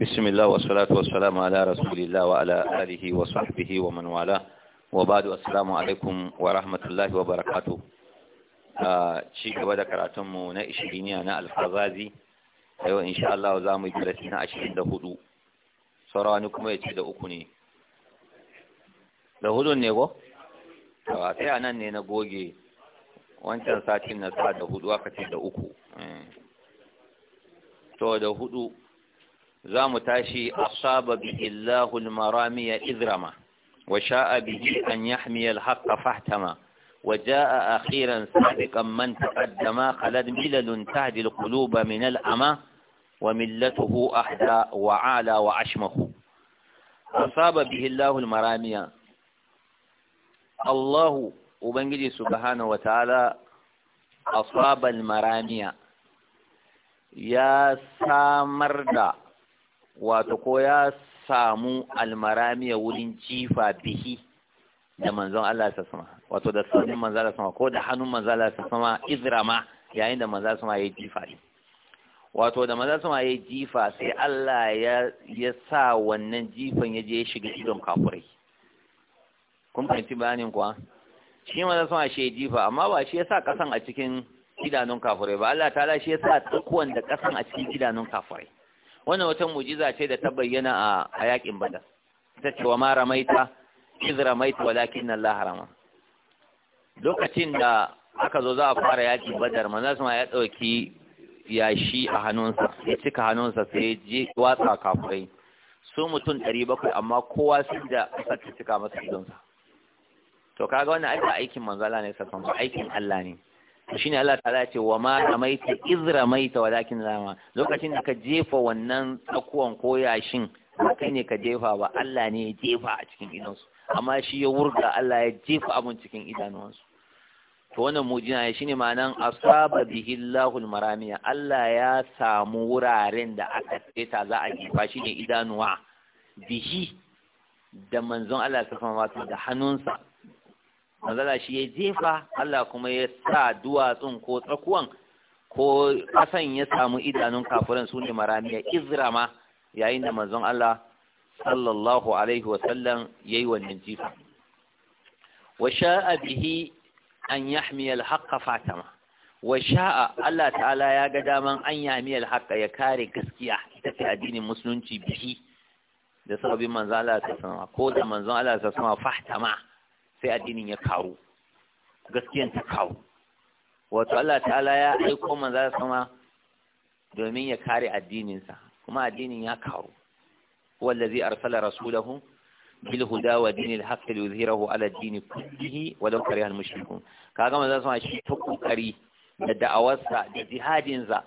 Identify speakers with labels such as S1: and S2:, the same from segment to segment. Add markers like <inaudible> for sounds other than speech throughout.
S1: بسم الله والصلاة والسلام على رسول الله وعلى آله وصحبه ومن والاه وبعد السلام عليكم ورحمة الله وبركاته شيء قبل كراتم نا إشريني أنا الفرازي أيوة إن شاء الله وزامي جلسنا أشرين دهدو سرانكم يتشد أكوني لهدو نيغو sai a nan ne na goge wancan satin na sa da hudu aka uku to da hudu za mu tashi asaba bi illahu marami ya izrama wa sha'a bihi an yahmi al haqqa fahtama wa jaa akhiran sabiqan man taqaddama khalad milal tahdi al quluba min al ama wa millatuhu ahda wa ala wa ashmahu asaba bihi allah al marami allah ubangiji subhanahu wa ta'ala asaba al ya samar da wato ko ya samu almaramiya wurin jifa bihi da manzon Allah ta sama wato da sanin manzon Allah sama ko da hannun manzon Allah ta sama izrama yayin da manzon sama ya jifa ne wato da manzon sama ya jifa sai Allah ya ya sa wannan jifan ya je ya shiga idon kafurai kun fahimci bayanin kuwa shi manzon sama shi ya jifa amma ba shi ya sa kasan a cikin idanun kafurai ba Allah ta shi ya sa tsakuwan da kasan a cikin idanun kafurai wannan wata mujiza ce da ta bayyana a hayakin badar ta ce wa ma ramaita iz ramaita walakin Allah harama lokacin da aka zo za a fara yakin badar manasma ya dauki yashi a hannunsa ya cika hannunsa sai ya je watsa kafurai su mutum ɗari bakwai amma kowa su da aka cika masa gidansa. to kaga wannan aikin manzala ne sassan aikin Allah ne shine Allah ta'ala ce wa ma ramaita iz ramaita walakin zama? lokacin da ka jefa wannan tsakuwan ko yashin kai ne ka jefa ba Allah ne ya jefa a cikin idansu amma shi ya wurga Allah ya jefa abun cikin idanuwansu to wannan mujina ya shine ma'anan asaba bihi Allahul maramiya Allah ya samu wuraren da aka tsaita za a jefa shi idanuwa bihi da manzon Allah alaihi wasallam da hannunsa manzala shi ya jefa Allah kuma ya sa duwatsun ko tsakuwan ko kasan ya samu idanun kafiran su ne maramiya izrama yayin da manzon Allah sallallahu alaihi wasallam ya yi wannan jifa wa sha'a bihi an yahmi alhaqqa fatama wa sha'a Allah ta'ala ya ga daman an yahmi alhaqqa ya kare gaskiya ita ce addinin musulunci bihi da sabbin manzon Allah sallallahu alaihi wasallam ko da manzon Allah sallallahu alaihi wasallam Fatama? sai addinin ya karu gaskiyan ta karu wato Allah ta'ala ya aiko manzo sama domin ya kare addininsa kuma addinin ya karu wallazi arsala rasulahu bil huda wa dinil haqq liyuzhirahu ala ad-din kullihi walau kariha al-mushrikun kaga manzo sama shi ta kokari da da'awarsa da jihadinsa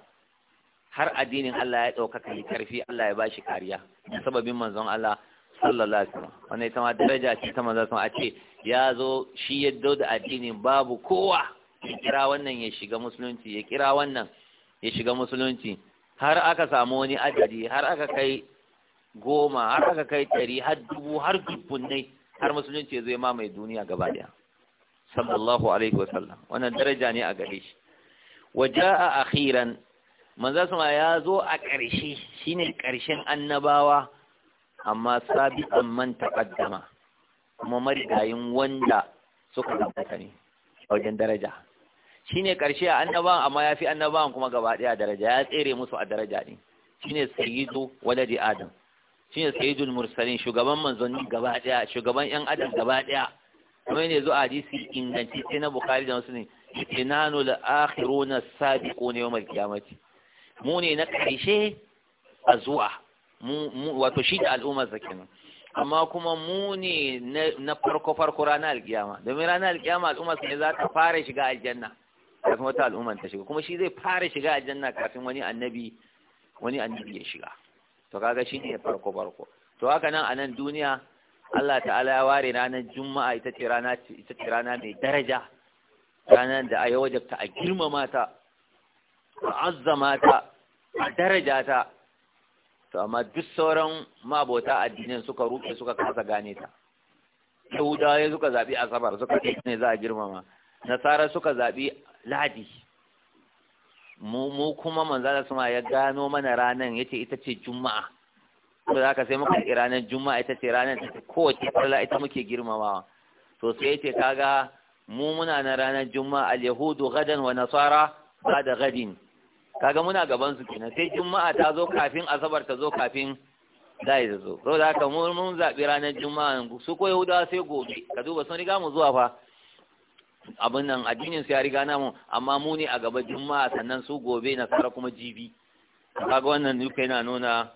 S1: har addinin Allah ya ɗaukaka yi karfi Allah ya bashi kariya sababin manzon Allah sallallahu alaihi ita ma daraja ce ta maza sun a ce ya zo shi ya da addinin babu kowa ya kira wannan ya shiga musulunci ya kira wannan ya shiga musulunci har aka samu wani adadi har aka kai goma har aka kai ɗari har dubu har dubbunai har musulunci zai mamaye duniya gaba daya sallallahu alaihi wasallam wannan daraja ne a gare shi waja'a akhiran manzo sun ya zo a ƙarshe shine ƙarshen annabawa amma sabiqan man taqaddama kuma marigayin wanda suka tabbata ne a wajen daraja Shi ne karshe a annabawan amma ya fi annabawan kuma gaba a daraja ya tsere musu a daraja ne Shi ne sayyidu waladi adam shi ne sayyidul mursalin shugaban manzanni gaba ɗaya shugaban yan adam gaba ɗaya kuma ne zuwa hadisi inganci sai na bukhari da wasu muslim itinanu akhiru na as-sabiquna yawm al-qiyamati mu ne na ƙarshe a zuwa wato shi da al'ummarsa kenan amma kuma mu ne na farko farko ranar alkiyama domin ranar alkiyama al'ummar ne za ta fara shiga aljanna kafin wata al'ummar ta shiga kuma shi zai fara shiga aljanna kafin wani annabi wani annabi ya shiga to kaga shi ne farko farko to haka nan a nan duniya Allah ta'ala ya ware ranar juma'a ita ce rana ita ce rana mai daraja ranar da a yi wajabta a girmama ta a azzama ta a daraja ta to amma duk sauran mabota addinin suka rufe suka kasa gane ta yahudawa suka zaɓi asabar suka ce ne za a girmama nasara suka zaɓi ladi mu kuma manzala suma ya gano mana ranar ya ce ita ce juma'a to za ka sai muka yi ranar juma'a ita ce ranar ta kowace tsalla ita muke girmamawa to sai ya ce kaga mu muna na ranar juma'a al-yahudu gadan wa nasara ba da gadin kaga muna gaban su kenan sai juma'a ta zo kafin asabar ta zo kafin dai ta zo saboda haka mun mun zabi ranar juma'a su ko yahudawa sai gobe ka duba sun riga mu zuwa fa abin nan addinin su ya riga mu amma mu ne a gaban juma'a sannan su gobe na tsara kuma jibi kaga wannan duka yana nuna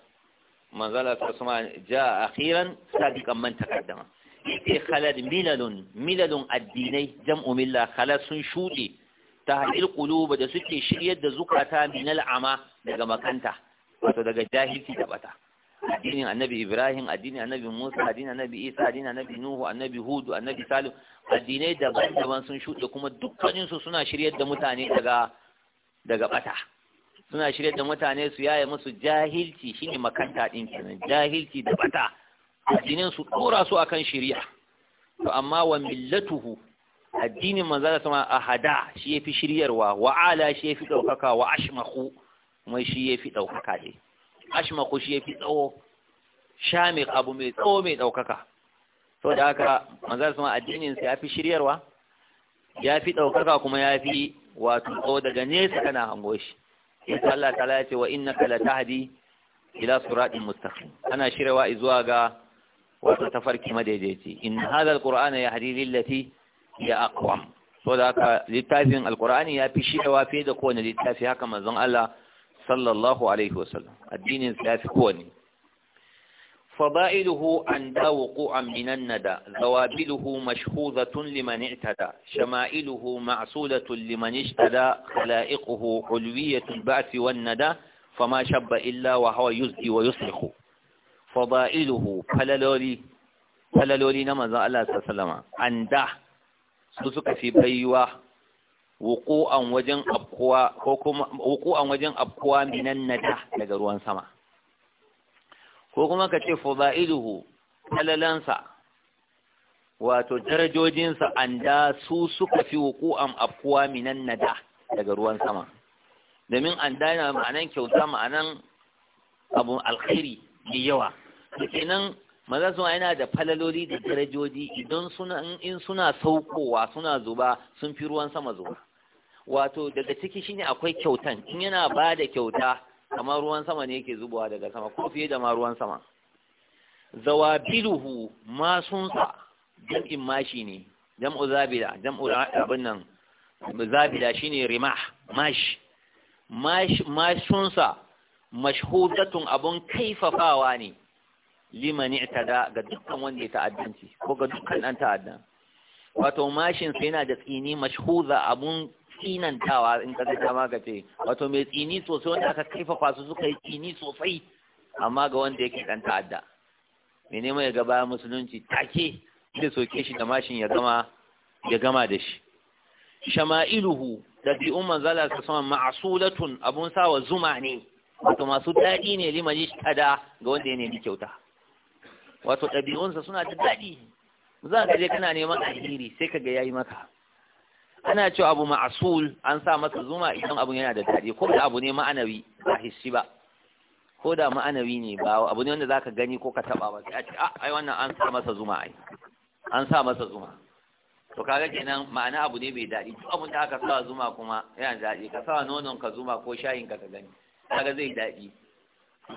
S1: manzala ta kuma ja akhiran sadiqan man takaddama yake khalad milalun milalun addinai jam'u milla khalad sun shuɗe hal'il kuluba da suke shiryar da zukata min al'ama daga makanta wato daga jahilci da bata addinin annabi ibrahim addinin annabi musa addinin annabi isa addinin annabi nuhu annabi hudu annabi salim addinai daban-daban sun shuɗe kuma dukkaninsu suna shiryar da mutane daga daga bata suna shiryar da mutane su yaya musu jahilci shine makanta din kenan jahilci da bata addinin su dora su akan shari'a to amma wa millatuhu addinin da sama ahada shi yafi shiryarwa wa ala shi yafi daukaka wa ashmahu mai shi yafi daukaka ne ashmahu shi yafi tsawo shamik abu mai tsawo mai daukaka to da haka da sama addinin sai yafi shiryarwa yafi daukaka kuma yafi wato tsawo daga nesa kana hango shi sai Allah ta'ala ya ce wa innaka tahdi ila siratin mustaqim ana shiryawa zuwa ga wato tafarki madaidaici in hadha alqur'ana yahdi lillati ya da aka littafin alkur'ani ya fi shirawa fiye da kowane littafi haka manzon Allah sallallahu alaihi wasallam addinin sa fi kowane fada'iluhu an dawqu an minan nada zawabiluhu mashhuzatun liman i'tada shama'iluhu ma'sulatun liman ishtada khala'iquhu ulwiyatul ba'thi wan nada fama shabba illa wa huwa yuzki wa yuslihu fada'iluhu falaloli na manzon Allah sallallahu an da su suka fi baiwa wuku'an wajen afkuwa ko kuma wajen afkuwa minan nada daga ruwan sama ko kuma ka ce fadailuhu talalansa wato darajojinsa anda su suka fi an afkuwa minan nada daga ruwan sama domin anda yana ma'anan kyauta ma'anan abu alkhairi mai yawa kenan maza sun yana da falaloli da darajoji idan suna in suna saukowa suna zuba sun fi ruwan sama zuba wato daga ciki shine akwai kyautan in yana ba da kyauta kamar ruwan sama ne yake zubowa daga sama ko fiye da ma ruwan sama zawabiluhu masunsa jam'in mashi ne jam'u zabila jam'u abin nan zabila shine rimah mash mash mashunsa mashhudatun abun kaifafawa ne liman i'tada ga dukkan wanda ya ta'addanci ko ga dukkan dan ta'addan wato mashin sai yana da tsini mashhuza abun tsinantawa in ka ta ma gace wato mai tsini sosai wanda aka kaifafa su suka yi tsini sosai amma ga wanda yake dan ta'adda mai ya gaba musulunci take da soke shi da mashin ya gama ya gama da shi shama'iluhu da bi dabi'un zala ta sama ma'sulatun abun sawa zuma ne wato masu daɗi ne limani tada ga wanda ya nemi kyauta wato ɗabi'unsa suna da daɗi za ka je kana neman alheri sai ka ga yayi maka ana cewa abu ma'asul an sa masa zuma idan abun yana da daɗi ko da abu ne ma'anawi ba hissi ba ko da ma'anawi ne ba abu ne wanda za ka gani ko ka taɓa ba sai a ce ah, ai wannan an sa masa zuma ai an sa masa zuma to kaga kenan ma'ana abu ne bai daɗi duk abun da aka sa zuma kuma yana daɗi ka sa nonon ka zuma ko shayin ka ka gani kaga zai daɗi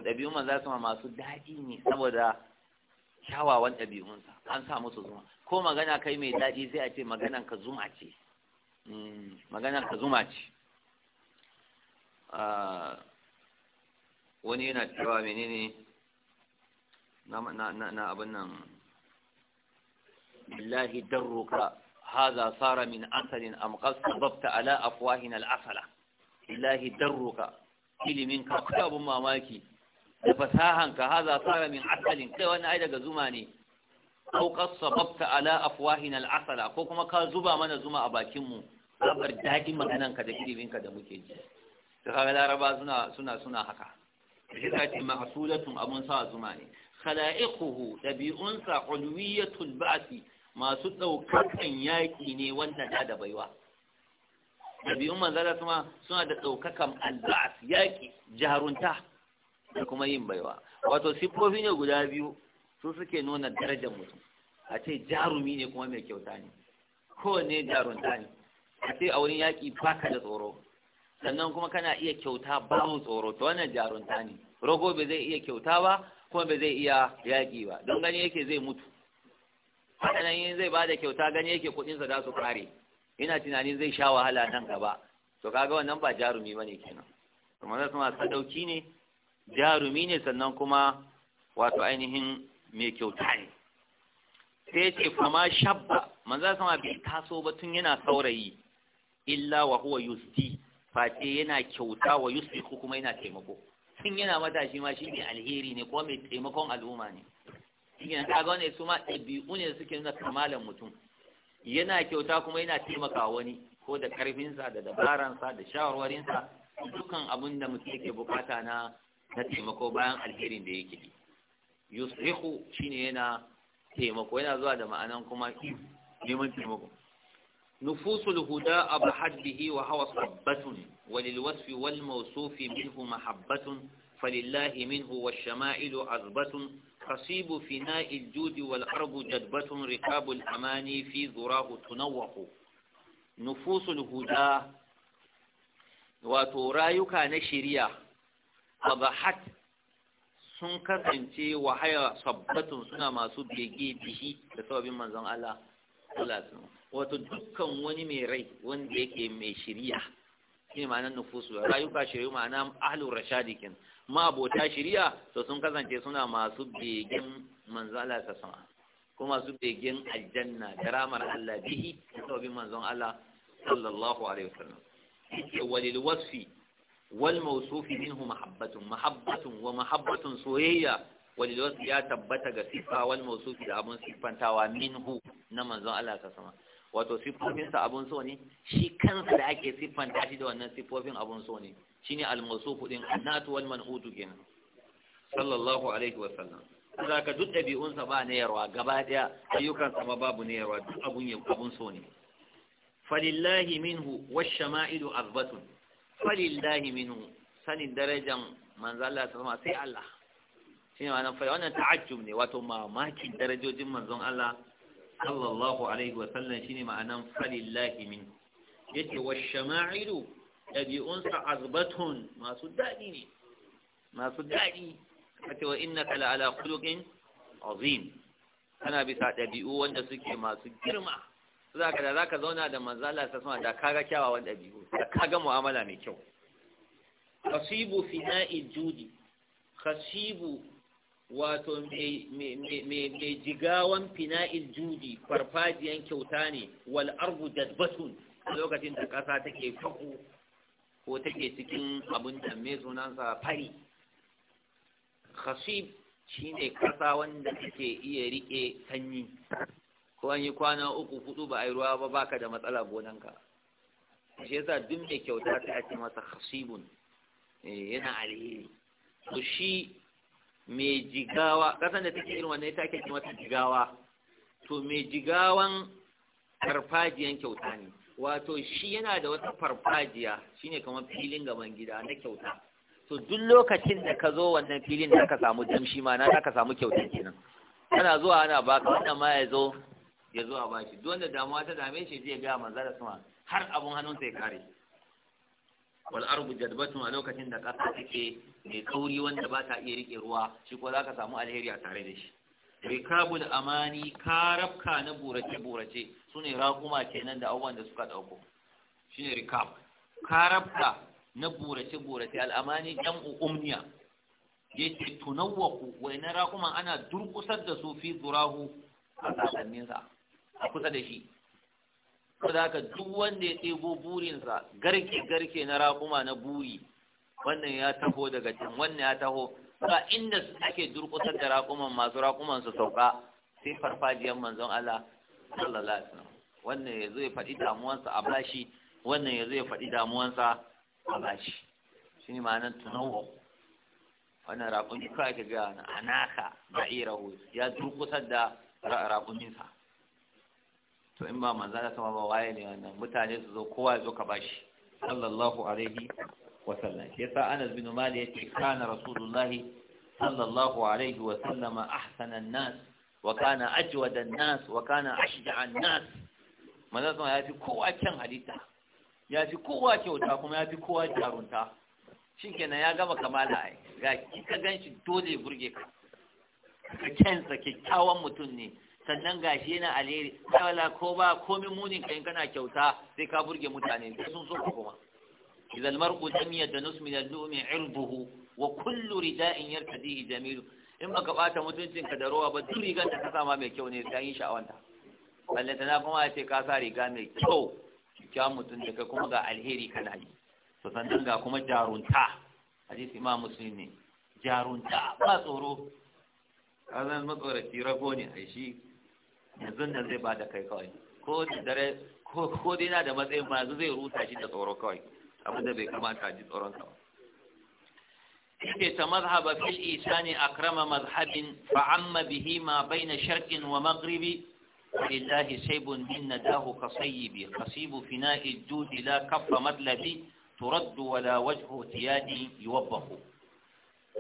S1: ɗabi'un manzo sama masu daɗi ne saboda kyawawan ɗabi'unsa an sa musu zuma ko magana kai mai daɗi sai a ce maganan ka zuma ce mm, maganan ka zuma ce ah, wani yana cewa menene na na na abin nan billahi darruka hadha sara min asalin am qad babta ala afwahina al-asala billahi darruka ilimin ka kutabun mamaki da fasahan ka haza fara min asalin kai wannan ai daga zuma ne ko sababta ala afwahina al'asala ko kuma ka zuba mana zuma a bakin mu sabar dadin maganan ka da kiribin da muke ji to kaga laraba suna suna suna haka shi ce ma'sulatun abun sa zuma ne khala'iquhu dabi'unsa ulwiyatul ba'si masu ɗaukakan yaki ne wanda da da baiwa ɗabi'un manzara suna da ɗaukakan alba'as yaƙi jarunta da kuma yin baiwa wato siffofi ne guda biyu su suke nuna darajar mutum a ce jarumi ne kuma mai kyauta ne kowanne jarunta ne a ce a wurin yaƙi baka da tsoro sannan kuma kana iya kyauta babu tsoro ta wannan jarunta ne rogo bai zai iya kyauta ba kuma bai zai iya yaƙi ba don gani yake zai mutu hakanan yin zai bada kyauta gani yake kuɗinsa za su kare ina tunanin zai sha wahala nan gaba to kaga wannan ba jarumi ba ne kenan kuma zai suna sadauki ne jarumi ne sannan kuma wato ainihin mai kyauta ne sai ce fama shabba manza sama bai taso ba tun yana saurayi illa wa huwa yusti face yana kyauta wa yusti ko kuma yana taimako tun yana matashi ma shi ne alheri ne ko mai taimakon al'umma ne yana kaga wani su ma ɗabi'u ne suke nuna kamalan mutum yana kyauta kuma yana taimaka wani ko da karfinsa da dabaransa da shawarwarinsa dukan abin da mutum yake bukata na na taimako bayan alherin da yake yusrihu shine yana taimako yana zuwa da ma'anan kuma neman taimako nufusul huda abu haddihi wa hawa sabbatun walil wasfi wal mawsufi minhu mahabbatun falillahi minhu wa shama'ilu azbatun kasibu fi judi wal arbu jadbatun riqabul amani fi zurahu tunawwahu nufusul huda wato rayuka na shiriya) abahat sun kasance wahaya sabbatun suna masu bege bihi da sababin manzon Allah sallallahu wato dukkan wani mai rai wanda yake mai shiriya shine ma'anar nufusu rayuka shiriya ma'ana ahlur rashadi kin ma abota shiriya to sun kasance suna masu begen manzon Allah sallallahu kuma su begen aljanna da Allah bihi da sababin manzon Allah sallallahu alaihi wasallam walil wasfi wal mawsufi minhu mahabbatun mahabbatun wa mahabbatun soyayya walilwas ya tabbata ga sifa wal mawsufi da abun sifantawa minhu na manzon Allah ta sama wato sifofinsa abun so shi kansa da ake siffanta shi da wannan sifofin abun so ne shine al annatu kenan sallallahu alaihi wa sallam za ka duk ɗabi'unsa ba na yarwa gaba ɗaya ayyukansa ba babu na yarwa duk abun abun so ne falillahi minhu wash shama'ilu azbatun falillahi minhu sanin darajan manzo Allah ta zama sai Allah shine ne wannan fa wannan ta'ajjub ne wato mamakin darajojin manzon Allah sallallahu alaihi wa sallam shine ma'anan falillahi minhu yace washama'ilu dabi'unsa azbatun masu dadi ne masu dadi kace wa innaka khuluqin azim kana bisa dabi'u wanda suke masu girma za ka da za ka zauna da manzala ta suna da kaga kyawawan ɗabi'u da kaga mu'amala mai kyau khasibu na'i judi khasibu wato mai jigawan fina'il judi farfajiyan kyauta ne wal arbu dadbatun lokacin da ƙasa take faku ko take cikin abin da mai sunansa fari khasib shine ƙasa wanda take iya rike sanyi ko an yi kwana uku hudu ba a yi ruwa ba baka da matsala gonanka shi yasa duk mai kyauta ta ake masa hasibun eh, yana alheri to shi mai jigawa kasan da take irin wannan ita ake mata jigawa to mai jigawan farfajiyan kyauta ne wato shi yana da wata farfajiya shine kamar filin gaban gida na kyauta to duk lokacin da ka zo wannan filin da ka samu damshi ma na ka samu kyauta kenan kana zuwa ana baka wannan ma ya zo ya zo a bashi duk wanda damuwa ta dame shi zai ga manzara sama har abun hannunsa ya kare wal arbu jadbatu a lokacin da kasa take mai kauri wanda ba ta iya rike ruwa shi ko zaka samu alheri a tare da shi rikabul amani karabka na burace burace sune raƙuma kenan da abubuwan da suka dauko shine rikab karabka na burace burace al'amani dan umniya yace tunawwaku wa ina raƙuman ana durkusar da su fi zurahu a sasannin sa a kusa da shi saboda haka duk wanda ya tsebo burinsa garke garke na raƙuma na buri wannan ya taho daga can wannan ya taho ba inda su ake durƙusar da raƙuman masu raƙuman su sauka sai farfajiyar manzon Allah sallallahu alaihi wasallam wannan yazo ya faɗi damuwansa a bashi wannan yazo ya faɗi damuwansa a bashi shine ma'anar tunawwa wannan raƙumin kawai ka ga anaka da irahu ya durƙusar da raƙuminsa to in ba manzo da sama ba waye ne wannan mutane su zo kowa ya zo ka bashi sallallahu alaihi wa sallam shi yasa Anas bin Malik yace kana rasulullahi sallallahu alaihi wa sallam. ahsana an-nas wa kana ajwada an-nas wa kana ashja an-nas manzo sama ya fi kowa kyan halitta ya fi kowa kyauta kuma ya fi kowa jarunta shikenan ya gama kamala ai ga kika ganshi dole burge ka kyansa kyakkyawan mutum ne sannan gashi yana alheri kawala, ko ba komi munin kai kana kyauta sai ka burge mutane sai sun so ka kuma idan mar'u jamiya da nus min al-lumi irduhu wa kullu rida'in yartadihi jamilu in baka bata mutuncin ka da rowa ba duk rigar da ka sama mai kyau ne sai yin sha'awanta balle tana kuma ya ce ka sa riga mai kyau kya mutum da ka kuma ga alheri kana yi to sannan ga kuma jarunta hadisi imam muslim ne jarunta ba tsoro kazan matsoraci rago ne a shi yanzu nan zai bada kai kawai ko da dare ko dai na da matsayin ma yanzu zai rusa shi da tsoro kawai abin da bai kamata a ji tsoron sa ba ta mazhaba fil isani akrama mazhabin fa amma bihi ma baina sharqin wa maghribi ولله سيب من نداه كصيب قصيب فناء الجود لا كف مطلبي ترد ولا وجه اعتيادي يوبخ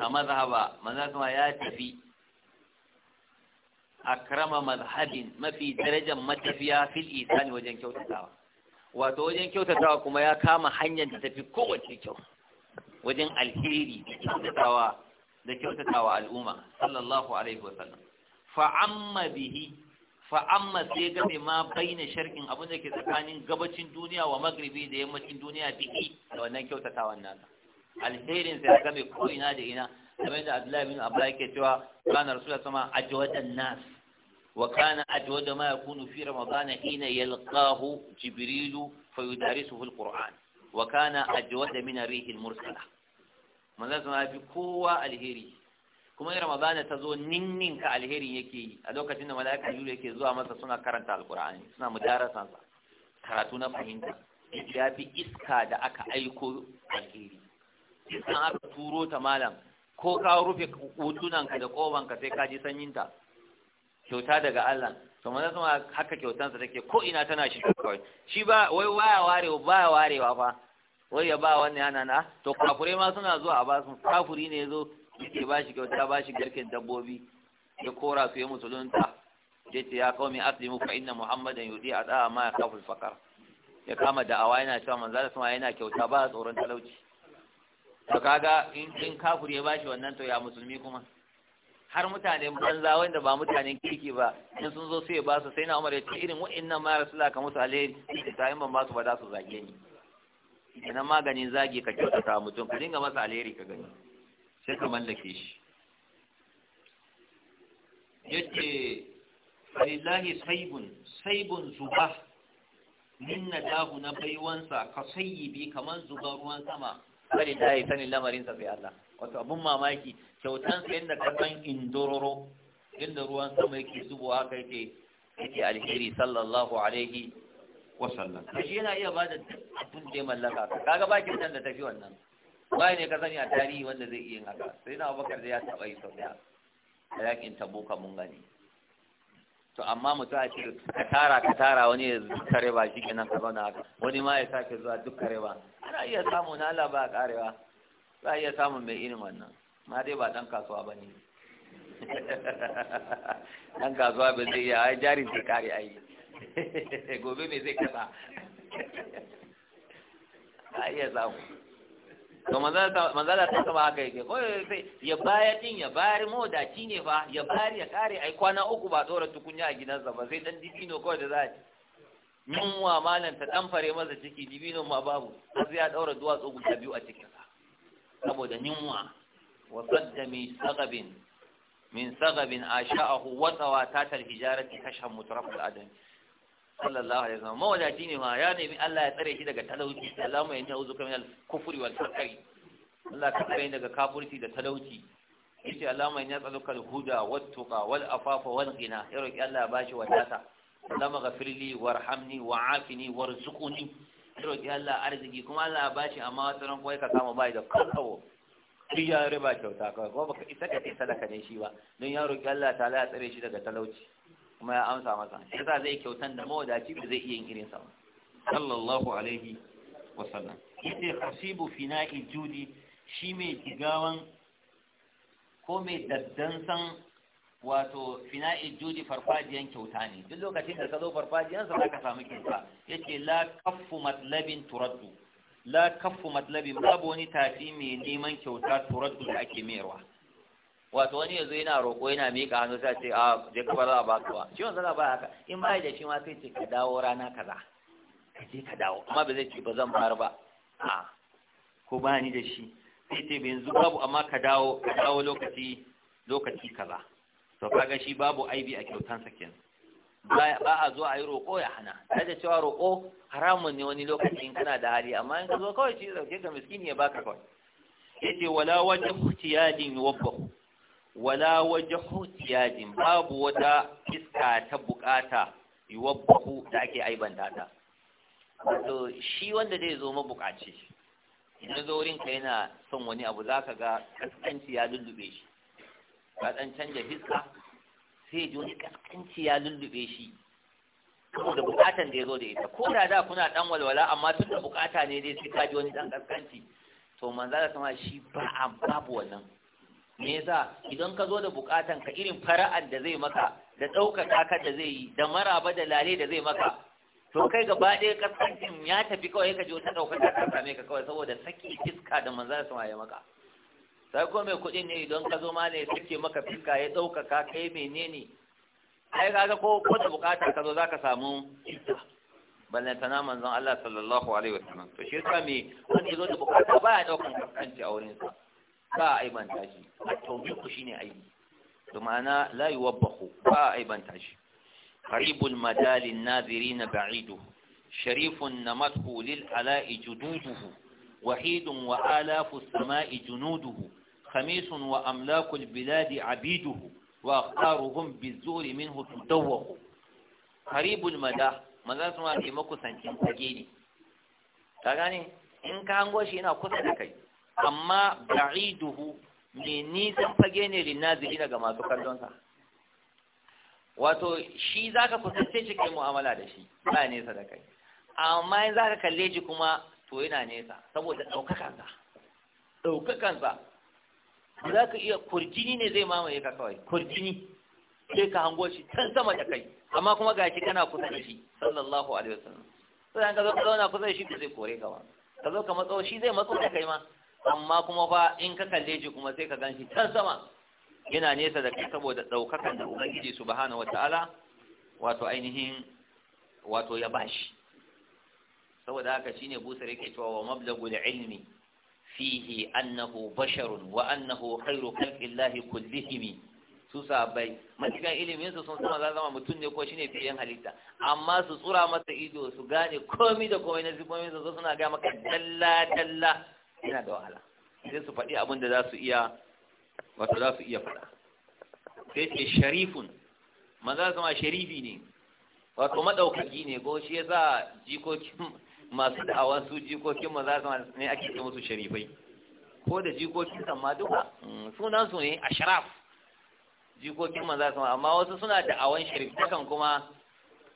S1: فمذهب مذهب يا تفي akrama mazhabin mafi darajar matafiya fil isani wajen kyautatawa wato wajen kyautatawa kuma ya kama hanyar da tafi kowace kyau wajen alheri da kyautatawa da kyautatawa al'umma sallallahu alaihi wasallam amma bihi amma sai game ma baina sharqin abin da ke tsakanin gabacin duniya wa magribi da yammacin duniya bihi da wannan kyautatawan nasa alherin sai ga mai ko ina da ina kamar yadda Abdullahi bin Abdullahi yake cewa kana rasulullah sama ajwadan nas wa kana ajwada ma yakunu fi ramadan hina yalqahu jibril fa yudarisuhu alquran wa kana ajwada min rihil mursala manzo sama bi kowa alheri kuma in ramadan ta zo ninnin ka alheri yake yi a lokacin da mala'ika jibril yake zuwa masa suna karanta alqur'ani suna mudarasa karatu na fahimta ya fi iska da aka aiko alheri Idan aka turo ta malam ko ka rufe hutunanka da kobanka sai ka ji sanyinta kyauta daga Allah to manzo sama haka kyautansa take ko ina tana shi kawai shi ba wai waya warewa baya warewa fa wai ya ba wani yana na to kafure ma suna zuwa a basu kafuri ne yazo yake ba shi kyauta ba shi garken dabbobi ya kora su ya musulunta yace ya qaumi aslimu fa inna muhammadan yudi ada ma yaqaful fakar. ya kama da'awa yana cewa manzo sama yana kyauta ba tsoron talauci to kaga in in kafiri ya bashi wannan to ya musulmi kuma har mutanen banza wanda ba mutanen kirki ba in sun zo sai ba su sai na umar ya ce irin wa'annan ma rasula ka musu alheri ta in ban ba su ba za su zage ni idan maganin zagi ka kyautata mutum ka dinga masa alheri ka gani sai ka mallake shi yace lillahi saibun saibun zuba min nadahu na baiwansa ka sayyibi kaman zuba ruwan sama bari ta yi sanin lamarin sa sai Allah wato abun mamaki kyautan sa yanda kafan indororo inda ruwan sama yake zubo haka yake yake alheri sallallahu alaihi wa sallam shi yana iya bada abin da ya mallaka kaga ba kyautan da tafi wannan ba ne ka sani a tarihi wanda zai iya yin haka sai na Abubakar da ya taba yi sau da yakin Tabuka mun gani to amma mutum a ce ka tara ka tara wani ya kare ba shi kenan ka zauna haka wani ma ya sake zuwa duk kare ba ana iya samun na Allah ba karewa za a iya samun mai irin wannan ma dai ba dan kasuwa ba ne dan <laughs> kasuwa ba zai iya ai jari zai kare ai <laughs> gobe me zai kasa <laughs> a iya samu to manzala ta kama haka yake ko sai ya bayar din ya bayar mawadaci ne fa ya bayar ya kare ai kwana uku ba tsora tukunya a gidansa ba sai dan dibino kawai da za a ci yunwa malam ta dan fare masa ciki dibino ma babu sai ya daura duwatsu guda biyu a cikin sa saboda yunwa wa sadda min sagabin min sagabin asha'ahu wa tal hijarati kashan mutrafal adami sallallahu alaihi wasallam mawadaci ne ma ya nemi Allah ya tsare shi daga talauci Allah inna uzuka min al kufuri wal faqri Allah ka tsare daga kafirci da talauci yace Allahumma inna as'aluka al-huda wat tuqa wal afafa wal ghina ya roki Allah ya bashi wadata Allahumma ghafirli warhamni wa'afini warzuqni ya roki Allah arziki kuma Allah ya bashi amma wataran kawai ka kama bai da kankawo shi ya riba kyauta kawai ko baka isa ka ce sadaka ne shi ba don ya roki Allah ta'ala ya tsare shi daga talauci kuma ya amsa masa sa zai kyautan da mawadaci ba zai iya yin irin ba sallallahu alaihi wa sallam yace hasibu fina'i judi shi mai jigawan ko mai daddansan wato fina'i judi farfajiyan kyauta ne duk lokacin da ka zo farfajiyan sa zaka samu kyauta yace la kaffu matlabin turaddu la kaffu matlabin babu wani tafi mai neman kyauta turaddu da ake mayarwa wato wani yanzu yana roƙo yana miƙa hannu sai ce a ah, je ka ba a ba ka shi ciwon ba haka in ba da shi ma sai ce ka dawo rana kaza ka je ka dawo amma ba zai ce ba zan bar ba a ko ba ni da shi sai ce yanzu babu amma ka dawo ka dawo lokaci lokaci kaza to kaga shi babu aibi a kyautansa sakin. ba a zo a yi roƙo ya hana Sai da cewa roƙo haramun ne wani lokaci in kana da hali amma in ka zo kawai shi zauke ka miskini ya baka kawai yace wala wajhu tiyadin yuwabbahu wala waje hutiyajin babu wata iska ta bukata yuwabbaku da ake aibanta ta wato shi wanda zai zo mabukaci
S2: idan zo wurinka
S1: yana son wani abu za ga kaskanci ya lullube shi ka dan canja fiska sai ji wani kaskanci ya lullube shi da bukatan da ya zo da ita ko da da kuna dan walwala amma tun da bukata ne dai sai ka ji wani dan kaskanci to manzo Allah sama shi ba babu wannan me yasa idan ka zo da bukatan ka irin fara'ar da zai maka da ɗaukar ka da zai yi da maraba da lale da zai maka to kai gaba ɗaya kasancin ya tafi kawai ka ji wata ɗaukaka ta same ka kawai saboda saki fiska da manzan su ya maka sai ko mai kuɗin ne idan ka zo ma ne sake maka fiska ya ka kai menene ai ga ko ko da bukata ka zo zaka samu tana manzon Allah sallallahu alaihi wasallam to shi yasa me wanda zo da bukata ba ya ɗaukan kasance a wurinsa ba a aibanta shi a tawbiku shine aibi to ma'ana la yuwabbahu ba a aibanta shi qaribul madali nazirin ba'idu sharifun namathu lil ala'i jududuhu wahidun wa alafu samai junuduhu khamisun wa amlakul biladi abiduhu wa aqaruhum bizuri minhu tudawwahu qaribul mada maza sun wa ke makusancin tage ne ka gane in ka hango shi yana kusa da kai amma ba'iduhu mai nisan fage ne linnazilina ga masu kallonsa wato shi za ka kusance shi kai mu'amala da shi ba nesa da kai amma in za ka kalle shi kuma to yana nesa saboda ɗaukakansa ɗaukakansa za ka iya kurjini ne zai mamaye ka kawai kurjini sai ka hango shi can sama da kai amma kuma shi kana kusa da shi sallallahu alaihi wasallam sai an ka zo ka zauna kusa da shi ba zai kore ka ba ka zo ka matso shi zai matso da kai ma amma kuma ba in ka kalle shi kuma sai ka gan shi can sama yana nesa da kai saboda ɗaukakan da ubangiji subhanahu wataala wato ainihin wato ya bashi saboda haka shine busar yake cewa wa da ilmi fihi annahu basharun wa annahu khairu khalqillahi kullihim su sabai matikan ilimin su sun sama zama mutum ne ko shine fiyen halitta amma su tsura masa ido su gane komai da komai na zubin su suna ga maka dalla dalla yana da wahala sai su faɗi abin da za su iya wato za su iya faɗa sai ce sharifun maza zama sharifi ne wato maɗaukaki ne ko shi za jikokin masu da'awa su jikokin maza zama ne ake ce musu sharifai ko da jikokin sama duka mm, sunan su ne sharaf jikokin maza zama amma wasu suna da'awan sharif takan kuma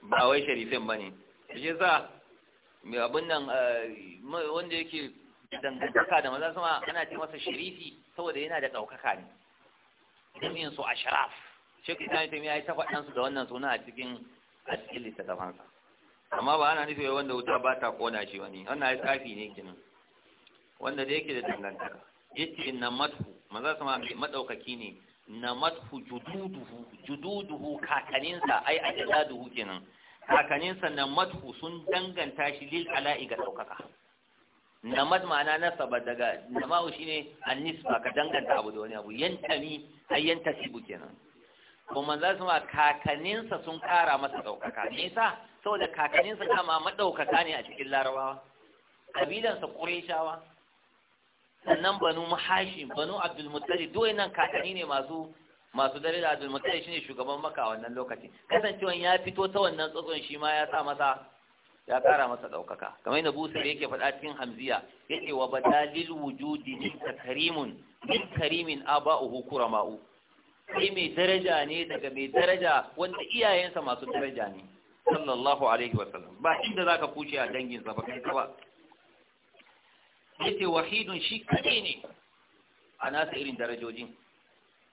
S1: ba wai sharifin ba ne shi za mai abin nan eh, wanda yake dangantaka da maza sama ana ce masa sharifi saboda yana da ɗaukaka ne jami'in su sharaf, shek islam ta ya yi ta faɗin su da wannan suna a cikin a cikin littattafansa amma ba ana nufi wanda wuta ba ta kona shi wani wannan ya tsafi ne kinu wanda da yake da dangantaka yace na matu maza sama maɗaukaki ne na matu jududuhu jududuhu kakaninsa ai a duhu kenan kakaninsa na matu sun danganta shi lil ala'i ga ɗaukaka namad ma'ana nasaba daga namau shine annisba ka danganta abu da wani abu yantami ai yantasibu kenan to manzo kakanin sa sun kara masa daukaka me yasa saboda sa kama madaukaka ne a cikin larabawa sa qurayshawa sannan banu muhashim banu abdul muttalib duk nan kakanni ne masu masu dare da abdul muttalib shine shugaban maka a wannan lokacin kasancewan ya fito ta wannan tsotson shi ma ya sa masa ya ƙara masa ɗaukaka kamar yadda busir yake faɗa cikin hamziya yake wa badalil wujudi min karimun min karimin aba'uhu ma'u sai mai daraja ne daga mai daraja wanda iyayensa masu daraja ne sallallahu alaihi wasallam ba inda ka kuce a dangin sa ba kai ka ba yake wahidun shi kadai ne a nasa irin darajojin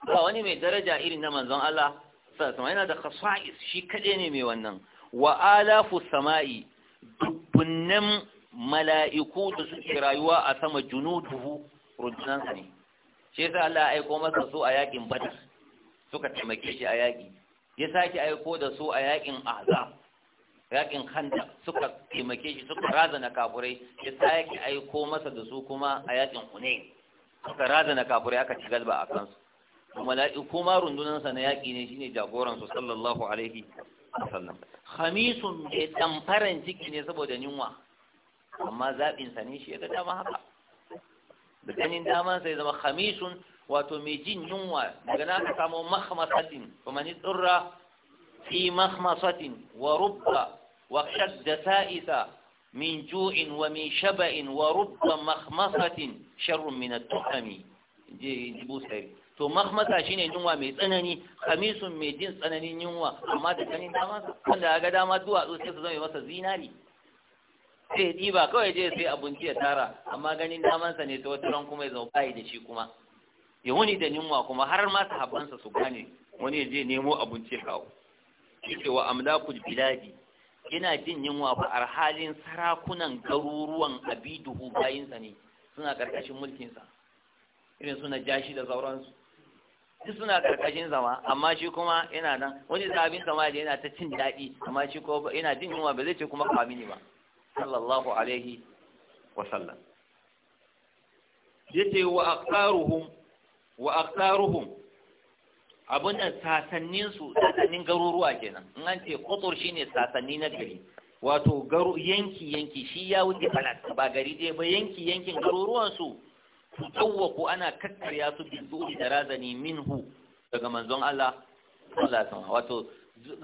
S1: ba wani mai daraja irin na manzon Allah sallallahu alaihi wasallam yana da khasa'is shi kadai ne mai wannan wa alafu sama'i dubbunan mala'iku da suke rayuwa a sama junuduhu rundunansa ne shi sa Allah ya aiko masa su a yakin Badr suka taimake shi a yaƙi. ya sake aiko da su a yakin aza, yakin kanta, suka taimake shi suka razana kafurai ya sake aiko masa da su kuma a yakin hune suka razana kafurai aka ci galba a kansu mala'iku ma rundunansa na yaƙi ne shine jagoransu sallallahu alaihi wasallam khamisun mai damfaran ciki ne saboda yunwa amma zaɓin sa ne shi ya ga dama haka da ganin daman sai zama khamisun wato mai jin yunwa daga na aka samu mahmasatin kuma ni tsurra fi mahmasatin wa rubba wa shadda sa'isa min ju'in wa min shaba'in wa rubba mahmasatin sharrun min at-tuhami je to mahmasa shine yunwa mai tsanani kamisun mai jin tsananin yunwa amma da kanin dama wanda ga dama duwatsu sai su zama masa zinari sai ɗiba kawai je sai abinci ya tara amma ganin damansa ne ta wata ran kuma ya zama bayi da shi kuma ya wuni da yunwa kuma har ma su habansa su gane wani ya je nemo abinci kawo shi wa biladi yana jin yunwa ba a halin sarakunan garuruwan abiduhu bayinsa ne suna karkashin mulkinsa irin suna jashi da sauransu duk suna karkashin zama amma shi kuma yana nan wani sabin sama da yana ta cin daɗi amma shi ko yana jin yunwa ba zai ce kuma kamini ba sallallahu alaihi wa sallam yace wa aqtaruhum wa aqtaruhum abun da sasannin su sasannin garuruwa kenan in an ce qutur shine sasanni na gari wato garu yanki yanki shi ya wuce balas ba gari dai ba yanki yankin garuruwan su su tsawwaku ana kakkarya su bin su da razani minhu daga manzon Allah sallallahu wato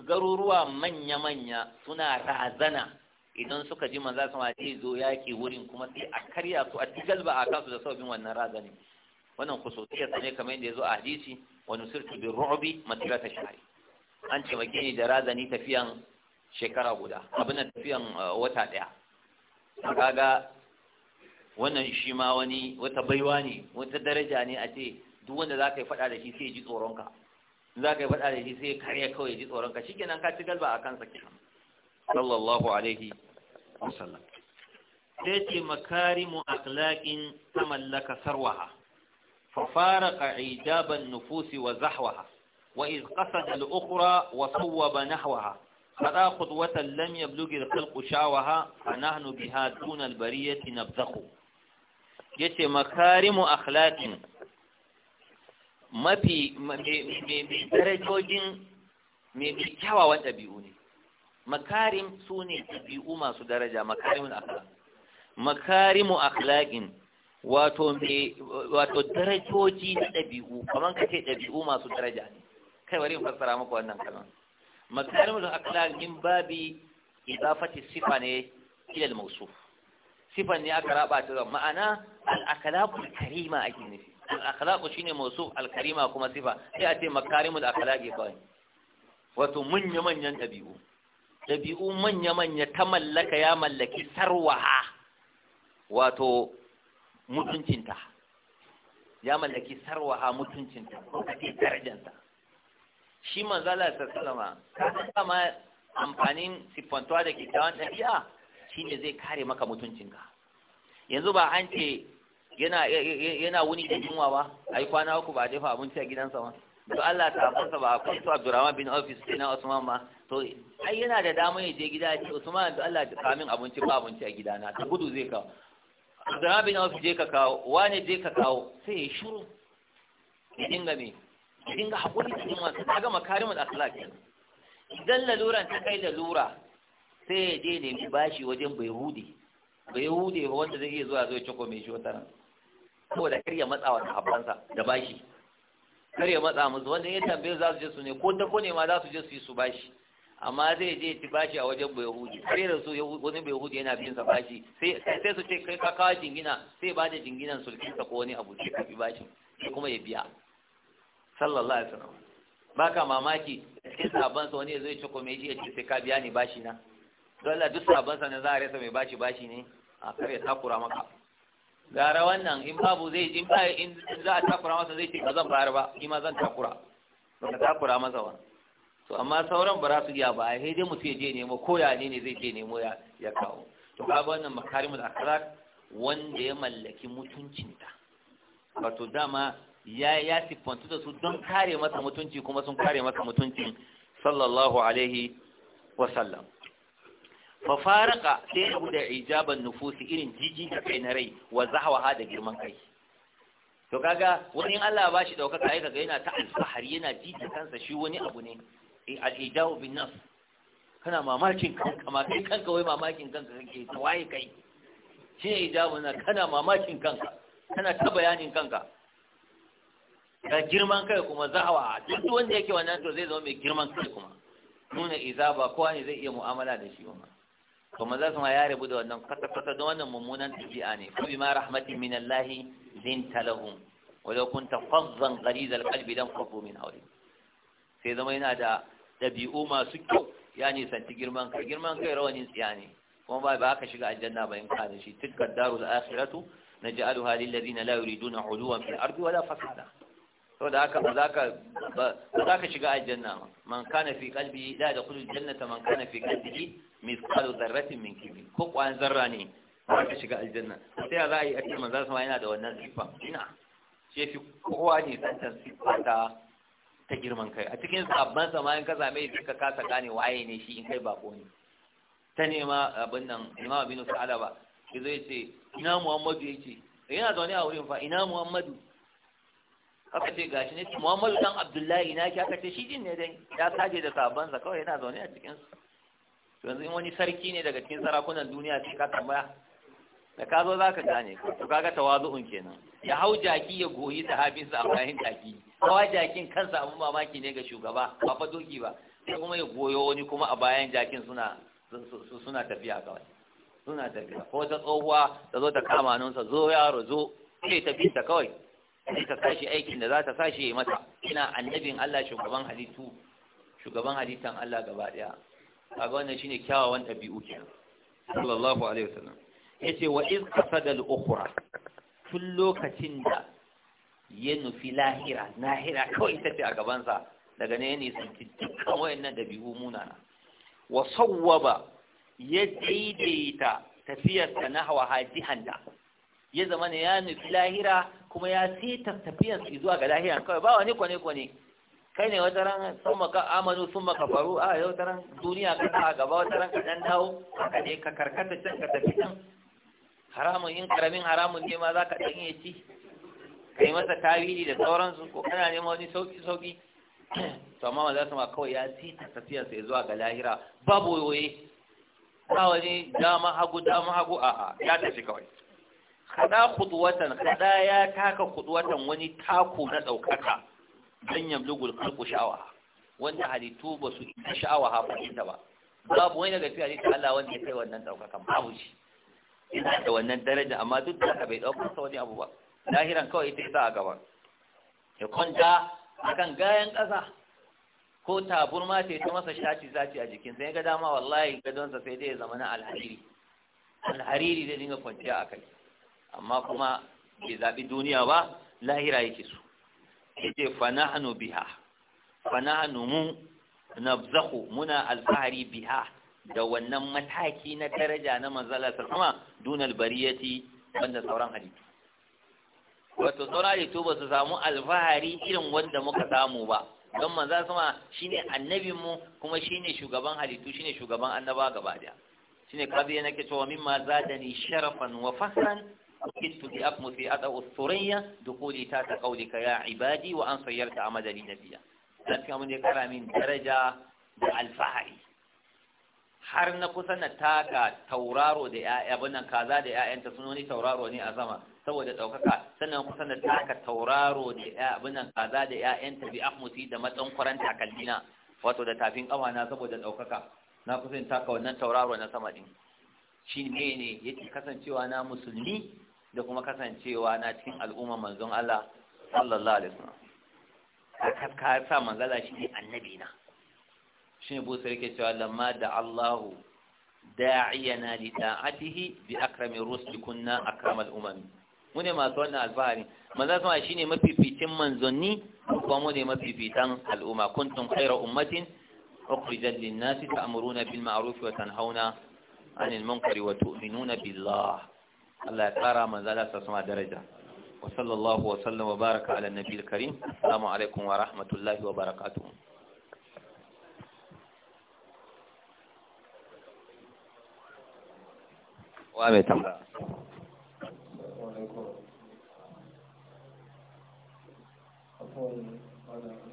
S1: garuruwa manya-manya suna razana idan suka ji manzon sama ce zo yaki wurin kuma sai a karya su a tigalba a kansu da sabbin wannan razani wannan kusotiya ne kamar yadda yazo a hadisi wa nusirtu bin ru'bi matirata shahari an wake ni da razani tafiyan shekara guda abin tafiyan eh, wata daya kaga wannan shi ma wani wata baiwa ne wata daraja ne a ce duk wanda za ka yi faɗa da shi sai ji tsoronka za ka yi faɗa da shi sai karya kawai ji tsoronka shi kenan ka ci galba a kansa kenan sallallahu alaihi wasallam sai ce makarimu akhlaqin tamallaka sarwaha fa faraqa ijaban nufusi wa zahwaha wa iz qasada al-ukhra wa sawwaba nahwaha فلا خطوة لم يبلغ الخلق شاوها فنحن بها دون البرية نبذخ makari makarimu akhlaqin mafi mai darajojin mai kyawawan ɗabi'u ne makarim su ne ɗabi'u masu daraja makarimun akhlaq makarimu akhlaqin wato me wato darajoji na ɗabi'u kamar ka ce ɗabi'u masu daraja ne kai bari in fassara muku wannan kalmar makarimul akhlaq min babi idafati sifa ne ila al-mawsuf sifan ne aka raba ta zama ma'ana al-akhlaqul karima ake nufi al-akhlaqu shine mawsuf Alkarima kuma sifa sai a ce makarimul akhlaqi kawai wato manya manyan ɗabi'u, ɗabi'u manya manya ta mallaka ya mallaki sarwaha wato mutuncinta ya mallaki sarwaha mutuncinta ko kace darajarta shi manzala sallama ka san ma amfanin sifantuwa da ɗabi'a? Shi ne zai kare maka mutuncinka yanzu ba an ce yana wuni da yunwa ba A yi kwana uku ba dafa abinci a gidansa ba to Allah ta afansa ba a to Abdurrahman bin ofis sai na Usman ma to ai yana da damar ya je gida ce Usman da Allah ta min abinci ba abinci a gidana ta gudu zai kawo Abdurrahman bin ofis je ka kawo wane je ka kawo sai ya shiru ya dinga me ya dinga hakuri da yunwa ta ga makarimul akhlaq idan laluran ta kai lalura sai ya je nemi bashi wajen bai hudi ya hude ba wanda zai iya zuwa zai ciko mai shi wata nan saboda kar ya matsa wa sahabbansa da bashi kar ya matsa musu wanda ya tambaye za su je su ne ko dako ne ma za su je su yi su bashi amma zai je ci bashi a wajen ya hude kar da su wani ya hude yana bin sa bashi sai su ce kai ka kawo jingina sai ba da jinginan sulkinsa ko wani abu sai ka bi bashi sai kuma ya biya sallallahu alaihi wasallam baka mamaki sai sahabbansa wani zai ciko mai shi ya ce sai ka biya ni bashi na don Allah duk sabon sa ne za a rasa mai bashi bashi ne a kare takura maka gara wannan in babu zai in ba in za a takura masa zai ce ba zan fara ba kima zan takura baka takura masa ba to amma sauran ba za su iya ba sai dai mutum ya je nemo ko ya ne ne zai je nemo ya ya kawo to ka ba wannan da akhlaq wanda ya mallaki mutuncinta wato dama ya ya sifantu da su don kare masa mutunci kuma sun kare masa mutuncin sallallahu alaihi wa sallam fafaraka sai ya da ijaban nufusi irin jiji da kai na rai wa zahawa da girman kai to kaga wani Allah ba shi daukaka ai kaga yana ta alfahari yana jiji kansa shi wani abu ne eh, al-ijabu bin nafs kana mamakin kanka ma kai kanka wai mamakin kanka kake to waye kai shi ne ijabu na kana mamakin kanka kana ta bayanin kanka ga girman kai kuma zahawa duk wanda yake wannan to zai zama mai girman kai kuma nuna izaba kowa ne zai iya mu'amala da shi kuma. to maza su ma ya rabu da wannan kwata da wannan mummunan ɗabi'a ne ko bima rahmatin min Allah zin talahum walau kunta fazzan ghalid alqalbi lam fadu min hawli sai zama yana da ɗabi'u masu kyau ya nisanci girman kai girman kai rawanin tsiya ne kuma ba ba ka shiga aljanna ba in ka da shi tilka darul akhiratu naj'aluha lil ladina la yuriduna uluwan fil ardi wala fasada saboda haka ba za ka ba za ka shiga aljanna man kana fi qalbi la yadkhulu aljannata man kana fi qalbihi misalu zarratin min kibri ko kwan zarra ne ba ta shiga aljanna sai za a yi a cikin manzo sama yana da wannan sifa ina ce fi kowa ne santan sifa ta ta girman kai a cikin sabban sama in ka zame shi ka kasa gane waye ne shi in kai bako ne ta nema abin nan imam bin sa'ala ba shi zai ce ina muhammadu ya ce? yana zaune a wurin fa ina muhammadu aka ce gashi ne muhammadu dan abdullahi na ki aka ce shi din ne dai ya saje da sabansa kawai yana zaune a cikin su yanzu in wani sarki ne daga cikin sarakunan duniya sai ka tambaya da ka zo za ka gane to kaga tawazu'un kenan ya hau jaki ya goyi sahabinsa a bayan jaki hawa jakin kansa abun mamaki ne ga shugaba ba fa doki ba sai kuma ya goyo wani kuma a bayan jakin suna suna tafiya kawai suna tafiya ko ta tsohuwa ta zo ta kama nunsa zo yaro zo sai tafi ta kawai sai ta sashi aikin da za ta sashi ya mata ina annabin Allah shugaban halittu shugaban halittan Allah gaba daya kaga wannan shine kyawawan ɗabi'u kenan sallallahu alaihi wasallam yace wa iz qasada al-ukhra tun lokacin da ya nufi lahira lahira kawai ita ce a gabansa daga ne ya su dukkan wayannan ɗabi'u munana wa sawwaba ya daidaita tafiyarsa na hawa hajihan da ya zama ne ya nufi lahira kuma ya sai su zuwa ga lahira kawai ba wani kwane-kwane kai ne wata ran sun maka amanu sun maka faru a yau ta ran duniya ka ta gaba wata ran ka dan dawo ka ne ka karkata can ka tafi can haramun in karamin haramun ne ma za ka ɗan iya ci ka yi masa tarihi da sauransu ko kana neman wani sauki sauki to amma maza su ma kawai ya ci ta tafiya sai zuwa ga lahira babu yoye ba wani dama hagu dama hagu a'a ya tafi kawai kada kuduwatan kada ya taka kuduwatan wani taku na ɗaukaka dan bugu kalku sha'wa wanda halittu ba su ita sha'awa ha fahimta ba babu wani daga cikin halittu Allah wanda ya kai wannan daukakan babu shi ina da wannan daraja amma duk da haka bai dauka sa wani abu ba lahiran kawai ita ita a gaba ya kwanta akan gayan kasa ko taburma ce ta masa shaci zaci a jikin sai ga dama wallahi gadonsa sai dai ya zama na alhariri alhariri zai dinga kwanciya a kai amma kuma bai zaɓi duniya ba lahira yake so yace fa biha fa mu nabzahu muna alfahari biha da wannan mataki na daraja na manzala ta sama dunal bariyati sauran halittu wato sauran halittu ba su samu alfahari irin wanda muka samu ba don manza sama shine mu, kuma shine shugaban halittu shine shugaban annaba gaba daya shine kabi yana ke cewa mimma zadani sharafan wa fahran وكدت لأطمس أدعو الثرية دخولي تات قولك يا عبادي وأن صيرت عمدني نبيا لك من يقرأ من درجة الفعل har na kusa na taka tauraro da abin nan kaza da 'ya'yanta, sun wani tauraro ne a sama saboda ɗaukaka sannan kusa na taka tauraro da abin nan kaza da 'ya'yanta, bi afmusi da matsan kwaran takalmina wato da tafin ƙawana saboda ɗaukaka na kusa taka wannan tauraro na sama din shi ne ne yake kasancewa na musulmi da kuma kasancewa na cikin al'umma manzon Allah sallallahu alaihi wasallam ka ka sa manzala shi ne annabi na shi ne busa yake cewa lamma da Allahu da'iyana li da'atihi bi akrami rusli kunna akramal umami mu ne masu wannan alfahari manzo sama shine mafificin manzonni kuma mu ne mafifitan al'umma kuntum khayra ummatin ukhrijat lin-nasi ta'muruna bil ma'ruf wa tanhauna 'anil munkari wa tu'minuna billah Allah ya kara manzo Allah sama daraja wa sallallahu wa sallam wa baraka ala nabiyil karim assalamu alaikum wa rahmatullahi wa barakatuh wa mai tambaya Thank you.